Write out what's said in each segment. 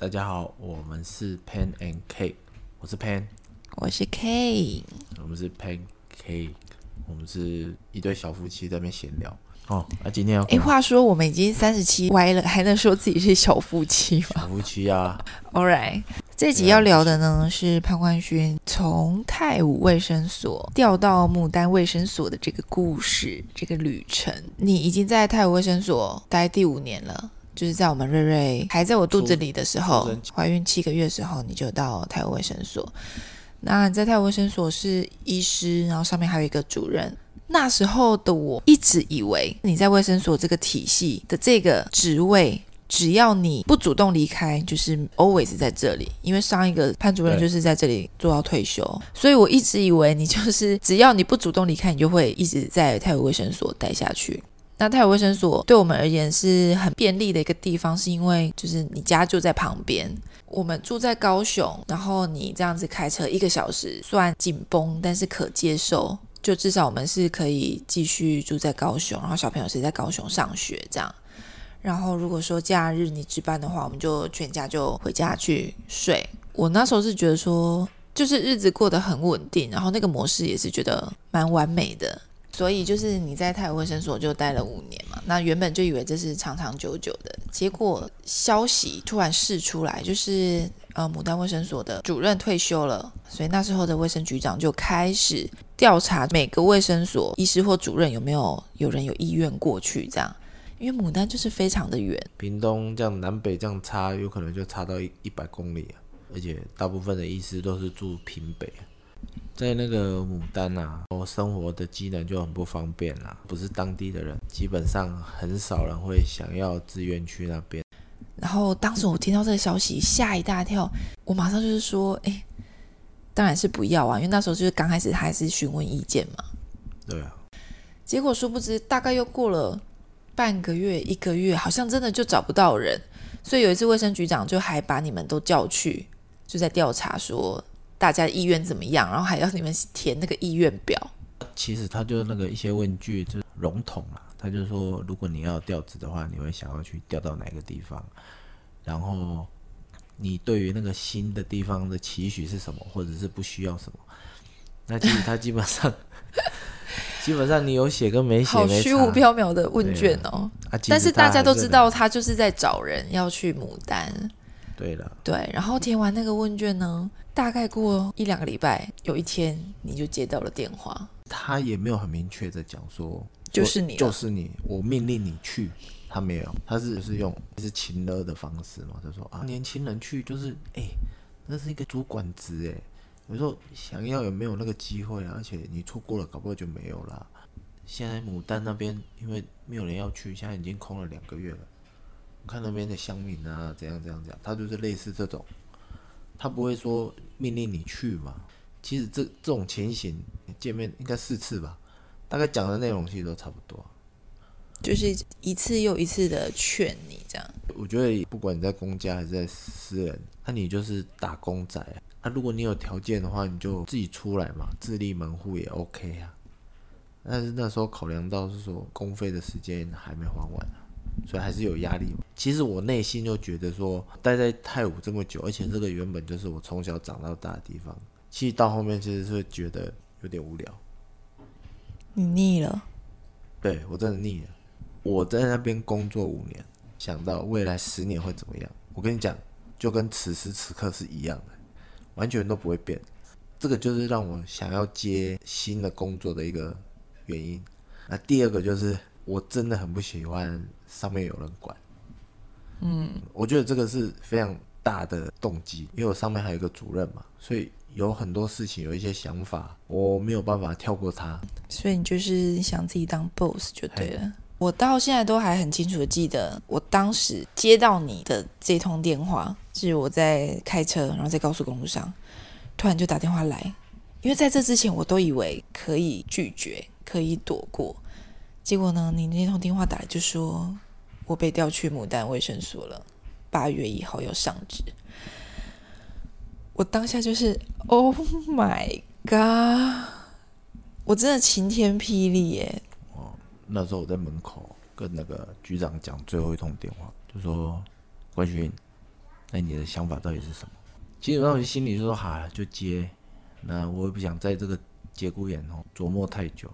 大家好，我們是 Pan and Cake，我是 Pan，我是 K，我們是 Pan Cake，我們是一對小夫妻，在那邊閒聊哦。那、啊、今天要，哎，話說我們已經三十七歪了，還能說自己是小夫妻嗎？小夫妻啊 ，All right，這一集要聊的呢是潘冠勳從泰武衛生所調到牡丹衛生所的這個故事，這個旅程。你已經在泰武衛生所待第五年了。就是在我們瑞瑞還在我肚子裡的時候，懷孕七個月的時候，你就到泰武衛生所。那你在泰武衛生所是醫師，然後上面還有一個主任。那時候的我一直以為你在衛生所這個體系的這個職位，只要你不主動離開，就是 always 在這裡。因為上一個潘主任就是在這裡做到退休，對所以我一直以為你就是只要你不主動離開，你就會一直在泰武衛生所待下去。那泰雅衛生所對我們而言是很便利的一個地方，是因為就是你家就在旁邊。我們住在高雄，然後你這樣子開車一個小時，雖然緊繃，但是可接受。就至少我們是可以繼續住在高雄，然後小朋友是在高雄上學這樣。然後如果說假日你值班的話，我們就全家就回家去睡。我那時候是覺得說，就是日子過得很穩定，然後那個模式也是覺得蠻完美的。所以就是你在泰灣衛生所就待了五年嘛，那原本就以為這是長長久久的結果，消息突然釋出來，就是呃牡丹衛生所的主任退休了，所以那時候的衛生局長就開始調查每個衛生所醫師或主任有沒有有人有意願過去這樣，因為牡丹就是非常的遠，屏東這樣南北這樣差，有可能就差到一一百公里啊，而且大部分的醫師都是住屏北啊。在那個牡丹啊，我生活的機能就很不方便啦。不是當地的人，基本上很少人會想要自願去那邊。然後當時我聽到這個消息，嚇一大跳。我馬上就是說：“欸，當然是不要啊！”因為那時候就是剛開始還是詢問意見嘛。對啊。結果殊不知，大概又過了半個月、一個月，好像真的就找不到人。所以有一次衛生局長就還把你們都叫去，就在調查說。大家的意願怎麼樣？然後還要你們填那個意願表。其實他就那個一些問句就籠統了，他就說，如果你要調職的話，你會想要去調到哪個地方？然後你對於那個新的地方的期許是什麼，或者是不需要什麼？那其實他基本上， 基本上你有寫跟沒寫，好虛無縹緲的問卷哦、喔。啊、但是大家都知道他就是在找人要去牡丹。對了，對，然後填完那個問卷呢，大概過一兩個禮拜，有一天你就接到了電話。他也沒有很明確的講說，說就是你，就是你，我命令你去，他沒有，他是是用是輕柔的方式嘛，他說啊，年輕人去就是，哎、欸，那是一個主管職哎、欸，我說想要有沒有那個機會、啊，而且你錯過了，搞不好就沒有了。現在在牡丹那邊，因為沒有人要去，現在已經空了兩個月了。看那邊的鄉民啊，怎樣怎樣怎樣，他就是類似這種，他不會說命令你去嘛。其實這這種情形見面應該四次吧，大概講的內容其實都差不多，就是一次又一次的勸你這樣。我覺得不管你在公家還是在私人，那、啊、你就是打工仔啊。啊如果你有條件的話，你就自己出來嘛，自立門戶也 OK 啊。但是那時候考量到是說公費的時間還沒還完、啊。所以還是有壓力。其實我內心就覺得說，待在泰武這麼久，而且這個原本就是我從小長到大的地方，其實到後面其實是會覺得有點無聊。你膩了？對，我真的膩了。我在那邊工作五年，想到未來十年會怎麼樣，我跟你講，就跟此時此刻是一樣的，完全都不會變。這個就是讓我想要接新的工作的一個原因。那第二個就是，我真的很不喜歡。上面有人管，嗯，我覺得這個是非常大的動機，因為我上面還有一個主任嘛，所以有很多事情，有一些想法，我沒有辦法跳過他。所以你就是想自己當 boss 就對了。嘿，我到現在都還很清楚的記得，我當時接到你的這通電話，是我在開車，然後在高速公路上，突然就打電話來，因為在這之前我都以為可以拒絕，可以躲過。結果呢？你那通電話打來就說，我被調去牡丹衛生所了，八月一號要上職。我當下就是，Oh my God！我真的晴天霹靂耶。哦，那時候我在門口跟那個局長講最後一通電話，就說：“關巡，那你的想法到底是什麼？”其實我心裡就說：“哈、啊，就接。”那我也不想在這個。節骨眼哦，琢磨太久。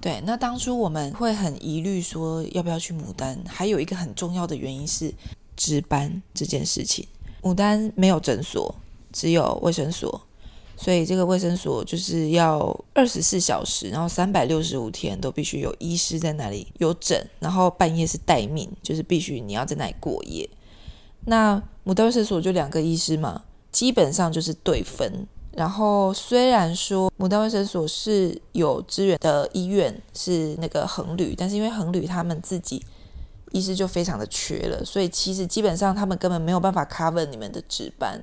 對，那當初我們會很疑慮，說要不要去牡丹？還有一個很重要的原因是值班這件事情。牡丹沒有診所，只有衛生所，所以這個衛生所就是要二十四小時，然後三百六十五天都必須有醫師在那裡有診，然後半夜是待命，就是必須你要在那裡過夜。那牡丹衛生所就兩個醫師嘛，基本上就是對分。然後雖然說牡丹衛生所是有支援的醫院是那個恆旅，但是因為恆旅他們自己，醫師就非常的缺了，所以其實基本上他們根本沒有辦法 cover 你們的值班。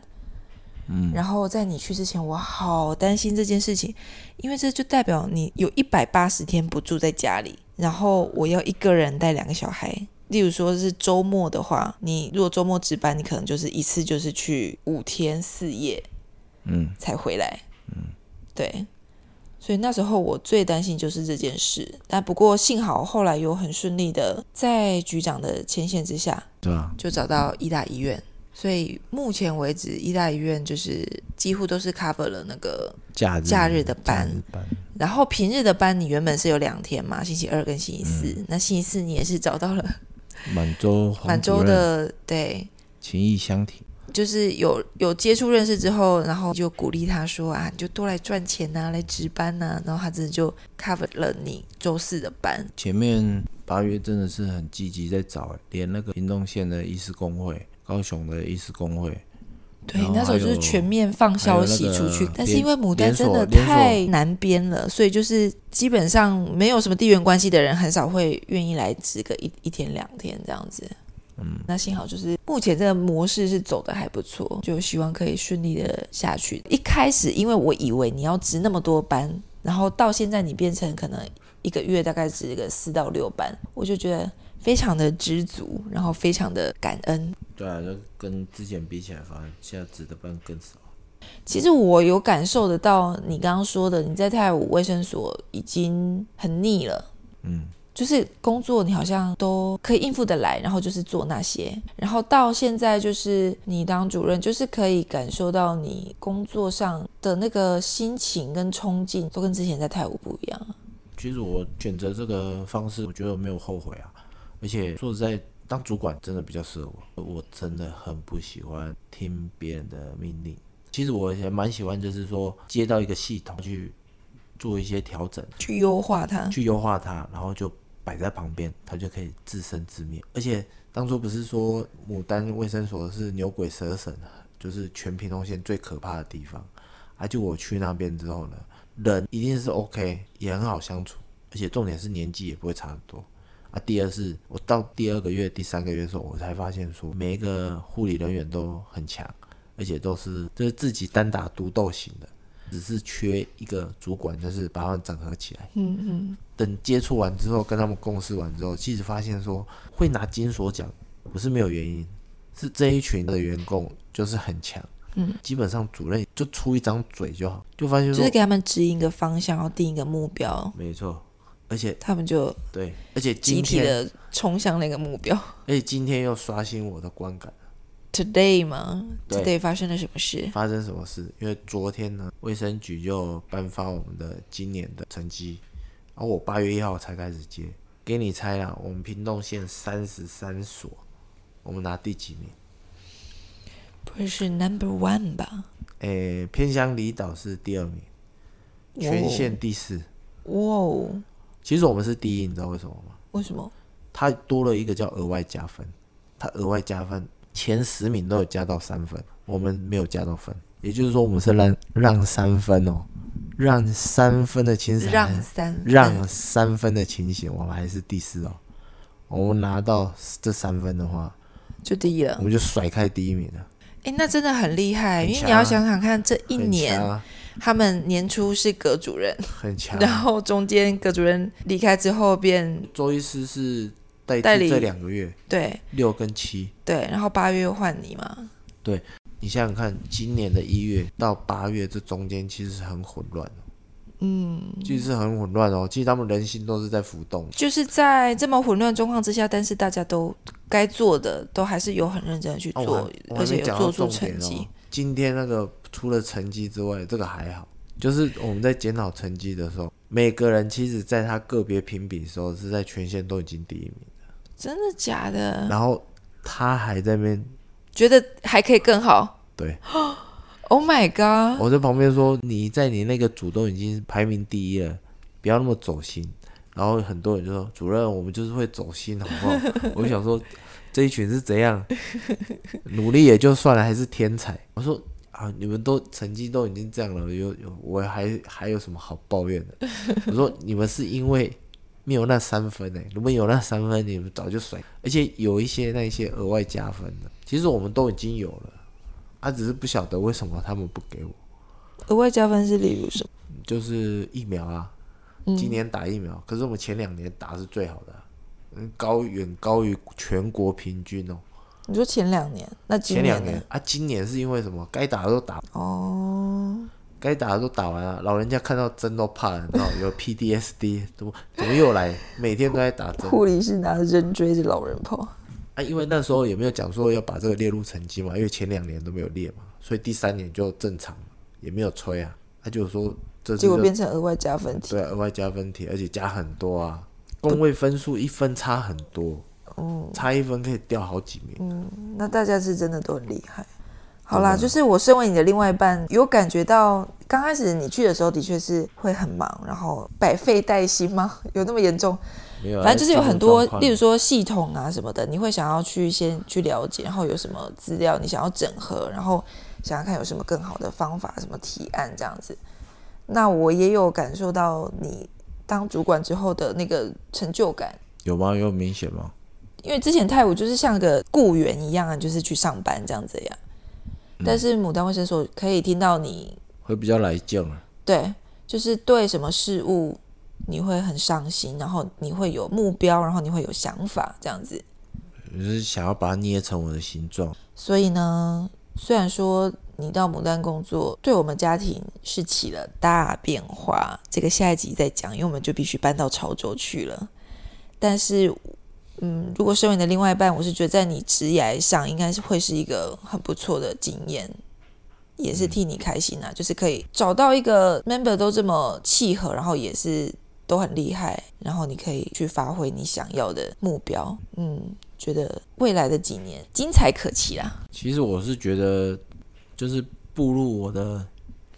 嗯，然後在你去之前，我好擔心這件事情，因為這就代表你有一百八十天不住在家裡，然後我要一個人帶兩個小孩。例如說是周末的話，你如果周末值班，你可能就是一次就是去五天四夜。嗯，才回來。嗯，對，所以那時候我最擔心就是這件事，但不過幸好後來有很順利的，在局長的牽線之下，對啊，就找到醫大醫院。所以目前為止，醫、嗯、大醫院就是幾乎都是 cover 了那個假日假日的班，班然後平日的班你原本是有兩天嘛，星期二跟星期四。嗯、那星期四你也是找到了滿洲滿洲的對，情義相挺。就是有有接觸認識之後，然後就鼓勵他說啊，你就多來賺錢吶、啊，來值班吶、啊。然後他真的就 cover 了你週四的班。前面八月真的是很積極在找，連那個屏東縣的醫師公會、高雄的醫師公會，對，那時候就是全面放消息出去。但是因為牡丹真的太難編了，所以就是基本上沒有什麼地緣關係的人，很少會願意來值個一一天兩天這樣子。那幸好，就是目前這個模式是走得還不錯，就希望可以順利的下去。一開始因為我以為你要值那麼多班，然後到現在你變成可能一個月大概值個四到六班，我就覺得非常的知足，然後非常的感恩。對啊，就跟之前比起來，反而現在值的班更少。其實我有感受得到你剛剛說的，你在泰武衛生所已經很膩了。嗯。就是工作你好像都可以應付得來，然後就是做那些，然後到現在就是你當主任，就是可以感受到你工作上的那個心情跟衝勁都跟之前在泰武不一樣。其實我選擇這個方式，我覺得我沒有後悔啊。而且說實在，當主管真的比較適合我。我真的很不喜歡聽別人的命令。其實我也蠻喜歡，就是說接到一個系統去做一些調整，去優化它，去優化它，然後就。擺在旁邊，他就可以自生自滅。而且當初不是說牡丹衛生所是牛鬼蛇神，就是全屏東縣最可怕的地方。啊，就我去那邊之後呢，人一定是 OK，也很好相處。而且重點是年紀也不會差很多。啊，第二是，我到第二個月、第三個月的時候，我才發現說每一個護理人員都很強，而且都是這是自己單打獨鬥型的。只是缺一個主管，就是把他們整合起來。嗯嗯。嗯，等接觸完之後，跟他們共事完之後，其實發現說會拿金鎖獎，不是沒有原因，是這一群的員工就是很強。嗯。基本上主任就出一張嘴就好，就發現說，就是給他們指引一個方向，然後定一個目標。沒錯，而且他們就對，而且集體的衝向那個目標。而且，今，而且今天又刷新我的觀感。Today 嗎？Today 對發生了什麼事？發生什麼事？因為昨天呢，衛生局就頒發我們的今年的成績，後、啊、我八月一號才開始接。給你猜啊，我們屏東縣三十三所，我們拿第幾名？不會是，是 Number One 吧？誒、欸，偏鄉離島是第二名，全縣第四。哇哦！哦其實我們是第一，你知道為什麼嗎？為什麼？它多了一個叫額外加分，它額外加分。前十名都有加到三分，我們沒有加到分，也就是說我們是讓讓三分喔，讓三分的情讓三，讓三分的情形，我們還是第四喔。我們拿到這三分的話，就第一了，我們就甩開第一名了。欸，那真的很厲害，因為你要想想看，這一年強他們年初是葛主任很強強，然後中間葛主任離開之後變，便周醫師是。代理這兩個月，對六跟七。對，然後八月又換你嘛？對，你想想看，今年的一月到八月，這中間其實很混亂，嗯，其實很混亂哦。其實他們人心都是在浮動，就是在這麼混亂的狀況之下，但是大家都該做的都還是有很認真的去做，哦哦、而且有做出成績。今天那個除了成績之外，這個還好，就是我們在檢討成績的時候， 每個人其實在他個別評比的時候是在全縣都已經第一名。真的假的？然後他還在那邊覺得還可以更好。對，Oh my god！我在旁邊說：“你在你那個組都已經排名第一了，不要那麼走心。”然後很多人就說：“主任，我們就是會走心，好不好？” 我想說這一群是怎樣努力也就算了，還是天才。我說：“啊，你們都成績都已經這樣了，有，有我還還有什麼好抱怨的？”我說：“你們是因為。”沒有那三分呢、欸？如果有那三分，你們早就甩。而且有一些那一些額外加分的，其實我們都已經有了，他、啊、只是不曉得為什麼他們不給我。額外加分是例如什麼？就是疫苗啊，今年打疫苗，嗯、可是我們前兩年打是最好的、啊，嗯，高遠高於全國平均哦、喔。你說前兩年？那前兩年？啊，今年是因為什麼？該打的都打。哦。該打的都打完了，老人家看到針都怕了，然後有 PTSD，麼 怎麼又來？每天都在打針。護理是拿着針追着老人跑。啊，因為那時候也沒有講說要把這個列入成績嘛，因為前兩年都沒有列嘛，所以第三年就正常，也沒有催啊，他、啊、就說這就結果變成額外加分題。對、啊，額外加分題，而且加很多啊，公衛分數一分差很多，不 差一分可以掉好幾名。嗯，那大家是真的都很厲害。好啦，就是我身為你的另外一半，有感覺到剛開始你去的時候的確是會很忙，然後百廢待興嗎？有那麼嚴重？沒有，反正就是有很多，例如說系統啊什麼的，你會想要去先去了解，然後有什麼資料你想要整合，然後想要看有什麼更好的方法、什麼提案這樣子。那我也有感受到你當主管之後的那個成就感，有嗎？有明顯嗎？因為之前泰武就是像個雇員一樣，啊，就是去上班這樣子呀。但是牡丹衛生所可以聽到你會比較來勁啊，對，就是對什麼事物你會很上心，然後你會有目標，然後你會有想法這樣子。你是想要把它捏成我的形狀。所以呢，雖然說你到牡丹工作，對我們家庭是起了大變化，這個下一集再講，因為我們就必須搬到潮州去了，但是。嗯，如果身為你的另外一半，我是覺得在你職業上應該是會是一個很不錯的經驗，也是替你開心啊，嗯、就是可以找到一個 member 都這麼契合，然後也是都很厲害，然後你可以去發揮你想要的目標。嗯，覺得未來的幾年精彩可期啦。其實我是覺得，就是步入我的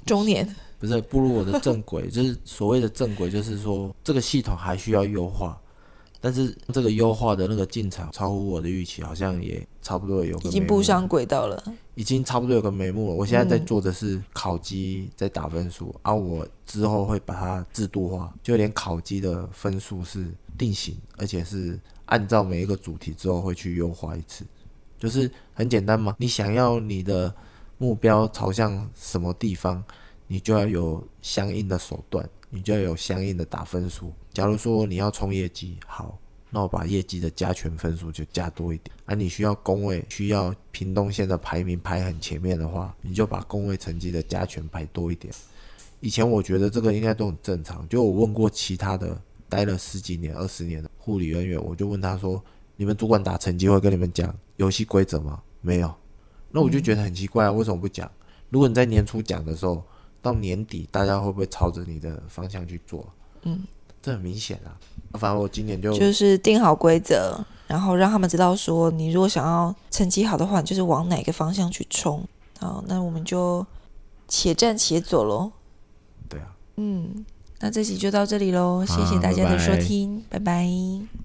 中年，不是步入我的正軌， 就是所謂的正軌，就是說這個系統還需要優化。但是這個優化的那個進程超乎我的預期，好像也差不多有個已經步上軌道了，已經差不多有個眉目了。我現在在做的是考績在打分數，而我之後會把它制度化，就連考績的分數是定型，而且是按照每一個主題之後會去優化一次，就是很簡單嘛。你想要你的目標朝向什麼地方，你就要有相應的手段。你就要有相應的打分數。假如說你要衝業績，好，那我把業績的加權分數就加多一點。而、啊、你需要工位，需要屏東縣的排名排很前面的話，你就把工位成績的加權排多一點。以前我覺得這個應該都很正常，就我問過其他的待了十幾年、二十年的護理人員，我就問他說：“你們主管打成績會跟你們講遊戲規則嗎？”沒有。那我就覺得很奇怪啊，為什麼不講？如果你在年初講的時候，到年底，大家會不會朝着你的方向去做？嗯，這很明顯啊。反正我今年就就是定好規則，然後讓他們知道說，你如果想要成績好的話，你就是往哪個方向去衝。好，那我們就且戰且走咯。對啊。嗯，那這期就到這裡嘍，謝謝大家的收聽，啊、拜拜。拜拜。